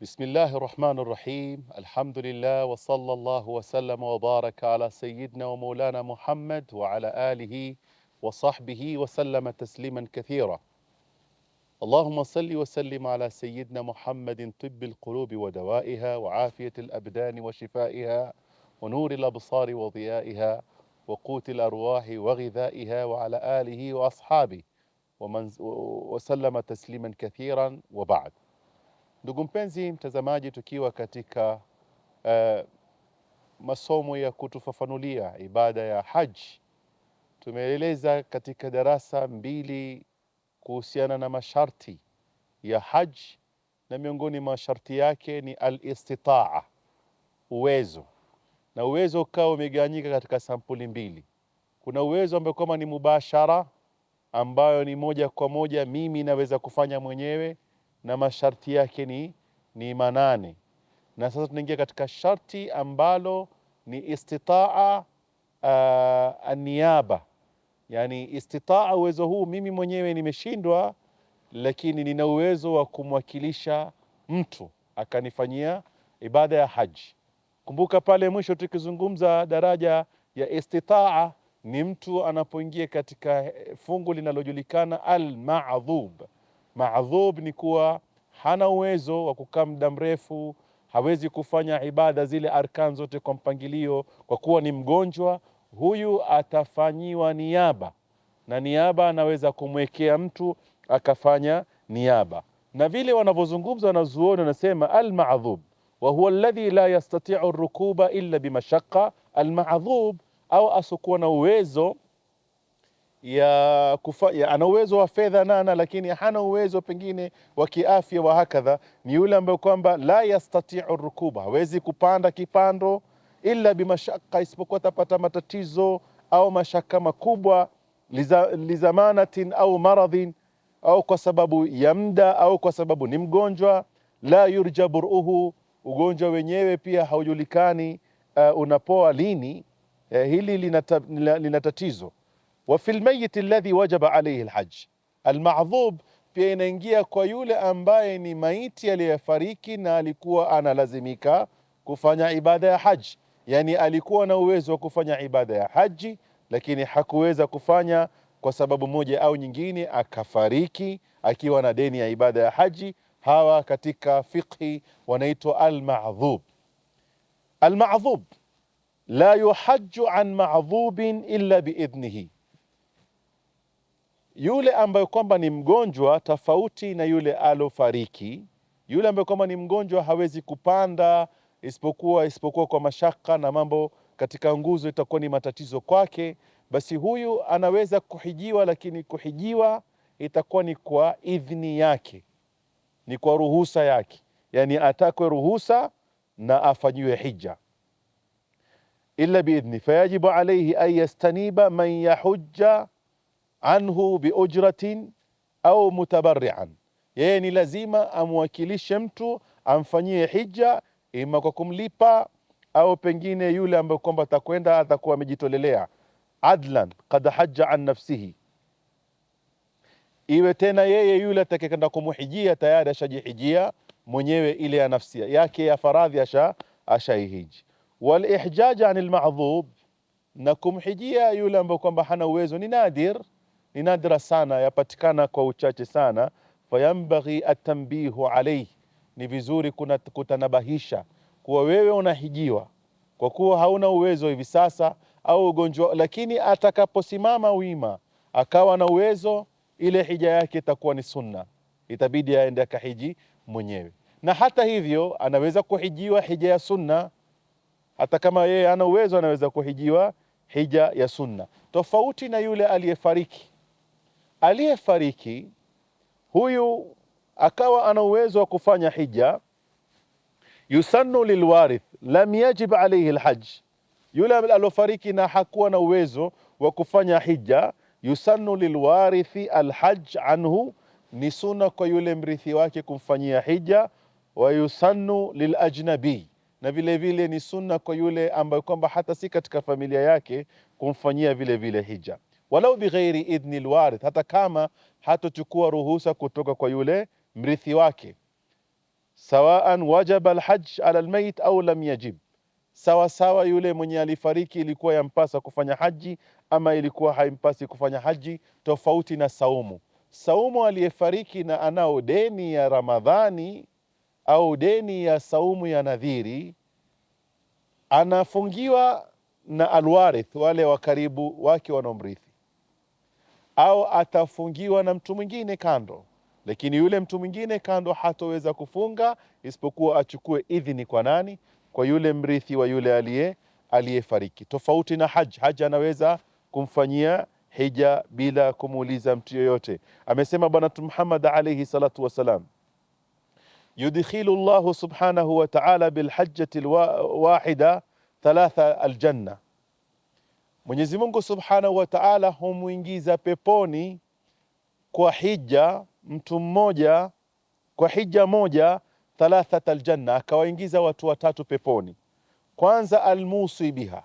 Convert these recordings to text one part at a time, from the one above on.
بسم الله الرحمن الرحيم الحمد لله وصلى الله وسلم وبارك على سيدنا ومولانا محمد وعلى آله وصحبه وسلم تسليما كثيرا اللهم صل وسلم على سيدنا محمد طب القلوب ودوائها وعافية الأبدان وشفائها ونور الأبصار وضيائها وقوت الأرواح وغذائها وعلى آله وأصحابه ومن وسلم تسليما كثيرا وبعد Ndugu mpenzi mtazamaji, tukiwa katika uh, masomo ya kutufafanulia ibada ya haji, tumeeleza katika darasa mbili kuhusiana na masharti ya haji, na miongoni mwa masharti yake ni al-istitaa, uwezo. Na uwezo ukawa umegawanyika katika sampuli mbili. Kuna uwezo ambao kama ni mubashara, ambayo ni moja kwa moja mimi naweza kufanya mwenyewe na masharti yake ni, ni manane. Na sasa tunaingia katika sharti ambalo ni istitaa uh, aniaba, yani istitaa, uwezo huu mimi mwenyewe nimeshindwa, lakini nina uwezo wa kumwakilisha mtu akanifanyia ibada ya haji. Kumbuka pale mwisho tukizungumza daraja ya istitaa ni mtu anapoingia katika fungu linalojulikana al-ma'dhub maadhub ni kuwa hana uwezo wa kukaa muda mrefu, hawezi kufanya ibada zile arkan zote kwa mpangilio, kwa kuwa ni mgonjwa. Huyu atafanyiwa niaba, na niaba anaweza kumwekea mtu akafanya niaba, na vile wanavyozungumza wanazuoni wanasema almadhub wa huwa alladhi la yastatiu rukuba illa bimashaqa. Almadhub au asokuwa na uwezo ya ya ana uwezo wa fedha nana, lakini hana uwezo pengine wa kiafya wa hakadha, ni yule ambaye kwamba la yastatiu rukuba, hawezi kupanda kipando illa bimashaka, isipokuwa tapata matatizo au mashaka makubwa, lizamanatin au maradhin, au kwa sababu ya muda au kwa sababu ni mgonjwa. La yurja buruhu, ugonjwa wenyewe pia haujulikani uh, unapoa lini. Uh, hili lina tatizo wafi fil mayit alladhi wajaba alayhi alhajj, almadhub pia inaingia kwa yule ambaye ni maiti aliyefariki na alikuwa analazimika kufanya ibada ya haji, yani alikuwa na uwezo wa kufanya ibada ya haji lakini hakuweza kufanya kwa sababu moja au nyingine, akafariki akiwa na deni ya ibada ya haji. Hawa katika fiqhi wanaitwa almadhub. Almadhub la yuhajju an madhubin illa biidhnihi yule ambaye kwamba ni mgonjwa, tofauti na yule alofariki. Yule ambaye kwamba ni mgonjwa hawezi kupanda isipokuwa isipokuwa kwa mashaka na mambo katika nguzo, itakuwa ni matatizo kwake. Basi huyu anaweza kuhijiwa, lakini kuhijiwa itakuwa ni kwa idhini yake, ni kwa ruhusa yake, yani atakwe ruhusa na afanyiwe hija illa biidhni. Fayajibu alayhi an yastaniba man yahuja anhu biujratin au mutabarian, yeye ni lazima amwakilishe mtu amfanyie hija, ima kwa kumlipa au pengine yule ambaye kwamba atakwenda atakuwa amejitolelea adlan kad haja an nafsihi, iwe tena yeye yule atakekenda kumuhijia tayari ashajihijia mwenyewe ile ya nafsia yake ya faradhi asha ashaihiji. Walihjaja an lmadhub, na kumhijia yule ambaye kwamba hana uwezo ni nadir ni nadra sana, yapatikana kwa uchache sana. Fayambaghi atambihu alaihi, ni vizuri kuna kutanabahisha kuwa wewe unahijiwa kwa kuwa hauna uwezo hivi sasa au ugonjwa, lakini atakaposimama wima akawa na uwezo, ile hija yake itakuwa ni sunna, itabidi aende akahiji mwenyewe. Na hata hivyo anaweza kuhijiwa hija ya sunna, hata kama yeye ana uwezo, anaweza kuhijiwa hija ya sunna, tofauti na yule aliyefariki aliyefariki huyu akawa ana uwezo wa kufanya hija, yusannu lilwarith lam yajib alayhi alhajj, yule aliofariki na hakuwa na uwezo wa kufanya hija, yusannu lilwarithi alhajj anhu, ni sunna kwa yule mrithi wake kumfanyia hija. Wa yusannu lilajnabi, na vile vile ni sunna kwa yule ambaye kwamba hata si katika familia yake kumfanyia vile vile hija walau bighairi idhni lwarith, hata kama hatochukua ruhusa kutoka kwa yule mrithi wake. Sawaan wajaba alhaj ala almayit au lam yajib, sawa sawa yule mwenye alifariki ilikuwa yampasa kufanya haji ama ilikuwa haimpasi kufanya haji, tofauti na saumu. Saumu aliyefariki na anao deni ya Ramadhani au deni ya saumu ya nadhiri, anafungiwa na alwarith, wale wa karibu wake wanaomrithi au atafungiwa na mtu mwingine kando, lakini yule mtu mwingine kando hatoweza kufunga isipokuwa achukue idhini kwa nani? Kwa yule mrithi wa yule aliye aliyefariki. Tofauti na haji, haji anaweza kumfanyia hija bila kumuuliza mtu yoyote. Amesema Bwana Mtume Muhammad alayhi salatu wasalam, yudkhilu llahu subhanahu wa ta'ala bilhajjati lwahida thalatha aljanna Mwenyezi Mungu Subhanahu wa Ta'ala humwingiza peponi kwa hija mtu mmoja kwa hija moja thalatha aljanna, akawaingiza watu watatu peponi. Kwanza, almusi biha,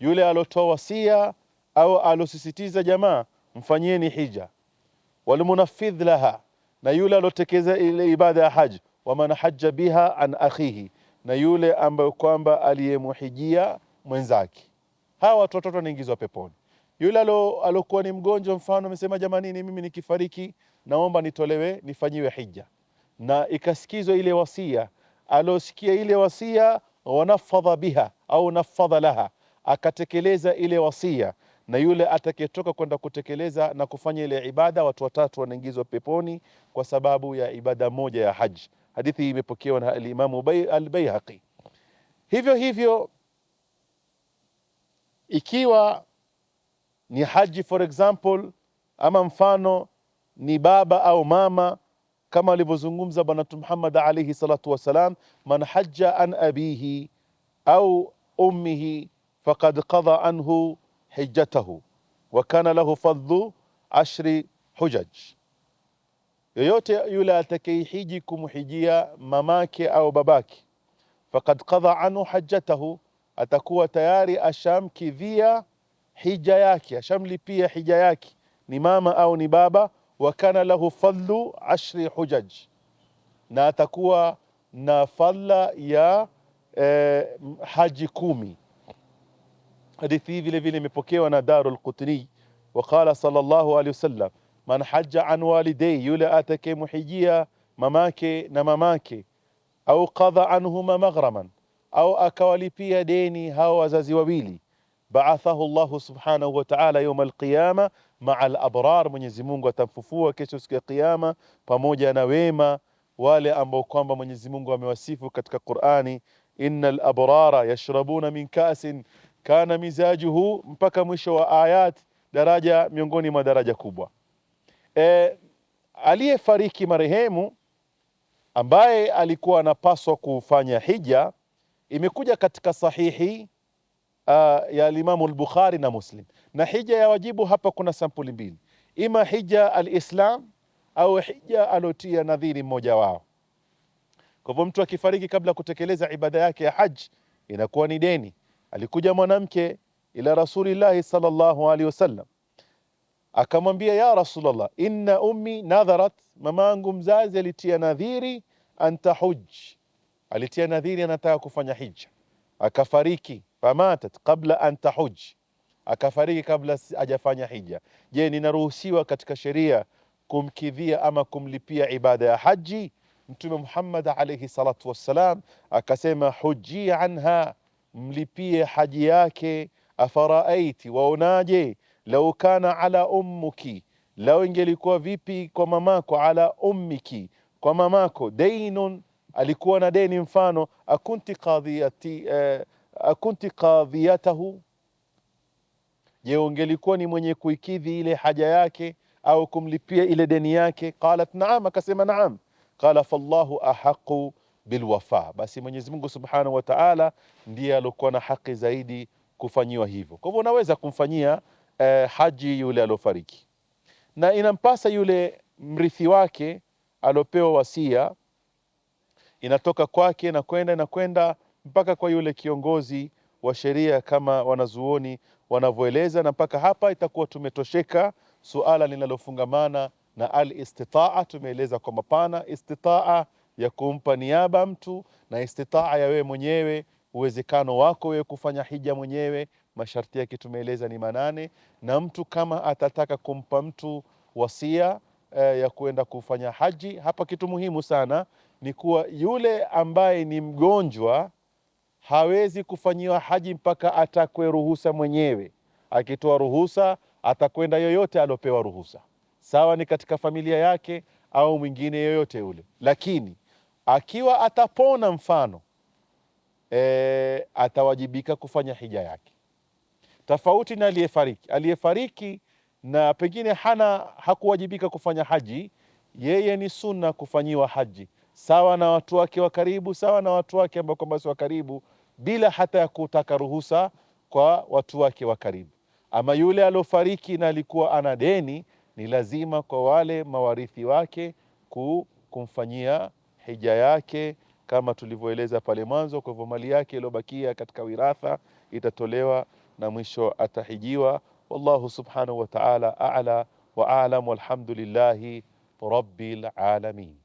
yule alotoa wasia au alosisitiza jamaa mfanyieni hija. Walmunafidh laha, na yule alotekeza ile ibada ya haji. Waman haja biha an akhihi, na yule ambaye kwamba aliyemuhijia mwenzake hawa watu watoto wanaingizwa peponi. Yule alokuwa ni mgonjwa, mfano amesema jamanini, mimi nikifariki naomba nitolewe nifanyiwe hija, na ikasikizwa ile wasia, alosikia ile wasia wanafadha biha au nafadha laha, akatekeleza ile wasia. Na yule atakayetoka kwenda kutekeleza na kufanya ile ibada, watu watatu wanaingizwa peponi kwa sababu ya ibada moja ya haji. Hadithi hii imepokewa na Alimamu Albaihaqi. Hivyo hivyo ikiwa ni haji for example, ama mfano ni baba au mama, kama alivyozungumza Bwana Mtume Muhammad alayhi salatu wassalam, man hajja an abihi au ummihi faqad qada anhu hijjatahu wa kana lahu fadhu ashri hujaj, yoyote yule atakaihiji kumhijia mamake au babake, faqad qada anhu hajjatahu atakuwa tayari ashamkidhia hija yake, ashamlipia hija yake, ni mama au ni baba. Wa kana lahu fadlu ashri hujaj, na atakuwa na fadla ya eh, haji kumi. Hadithi hii vile vile imepokewa na Darul Qutni. Wa qala sallallahu alayhi wasallam, man hajja an walidei, yule atakayemuhijia mamake na mamake, au qadha anhuma maghraman au akawalipia deni hao wazazi wawili, baathahu Allahu subhanahu wa ta'ala yauma alqiyama maa alabrar, Mwenyezi Mungu atamfufua kesho siku ya Kiyama pamoja na wema wale ambao kwamba Mwenyezi Mungu amewasifu katika Qur'ani, innal abrara yashrabuna min ka'sin kana mizajuhu, mpaka mwisho wa ayat, daraja miongoni mwa daraja kubwa. E, aliyefariki marehemu ambaye alikuwa anapaswa kufanya hija Imekuja katika sahihi uh, ya Limamu al-Bukhari na Muslim. Na hija ya wajibu hapa kuna sampuli mbili, ima hija al-Islam au hija aliotia nadhiri mmoja wao. Kwa hivyo mtu akifariki kabla ya kutekeleza ibada yake ya haji inakuwa ni deni. Alikuja mwanamke ila Rasulillahi sallallahu alaihi wasallam akamwambia, ya Rasulullah, inna ummi nadharat, mamangu mzazi alitia nadhiri antahuj alitia nadhiri anataka kufanya hija, akafariki. Famatat qabla an tahuj, akafariki kabla hajafanya hija. Je, ninaruhusiwa katika sheria kumkidhia ama kumlipia ibada ya haji? Mtume Muhammad alayhi salatu wassalam akasema, huji anha, mlipie haji yake. Afaraaiti, waonaje? lau kana ala ummuki, lau ingelikuwa vipi kwa mamako, ala ummiki, kwa mamako, dainun alikuwa na deni, mfano akunti qadhiyati eh, akunti qadhiyatahu, je ungelikuwa ni mwenye kuikidhi ile haja yake au kumlipia ile deni yake? Qalat naam, akasema naam. Qala fallahu ahaqu bilwafa, basi Mwenyezi Mungu Subhanahu wa Ta'ala ndiye aliokuwa na haki zaidi kufanyiwa hivyo. Kwa hivyo unaweza kumfanyia eh, haji yule aliofariki, na inampasa yule mrithi wake aliopewa wasia inatoka kwake na kwenda na kwenda mpaka kwa yule kiongozi wa sheria kama wanazuoni wanavyoeleza, na mpaka hapa itakuwa tumetosheka suala linalofungamana na al-istitaa. Tumeeleza kwa mapana istitaa ya kumpa niaba mtu na istitaa ya wewe mwenyewe, uwezekano wako wewe kufanya hija mwenyewe. Masharti yake tumeeleza ni manane, na mtu kama atataka kumpa mtu wasia eh, ya kuenda kufanya haji. Hapa kitu muhimu sana ni kuwa yule ambaye ni mgonjwa hawezi kufanyiwa haji mpaka atakwe ruhusa mwenyewe. Akitoa ruhusa atakwenda yoyote aliopewa ruhusa, sawa ni katika familia yake au mwingine yoyote yule. Lakini akiwa atapona mfano e, atawajibika kufanya hija yake, tofauti na aliyefariki. Aliyefariki na pengine hana hakuwajibika kufanya haji, yeye ni sunna kufanyiwa haji sawa na watu wake wa karibu, sawa na watu wake ambao kwamba si wa karibu, bila hata ya kutaka ruhusa kwa watu wake wa karibu. Ama yule aliofariki na alikuwa ana deni, ni lazima kwa wale mawarithi wake kumfanyia hija yake kama tulivyoeleza pale mwanzo. Kwa hivyo mali yake iliyobakia katika wiratha itatolewa na mwisho atahijiwa. Wallahu subhanahu wa ta'ala a'la wa a'lam, walhamdulillahi rabbil alamin.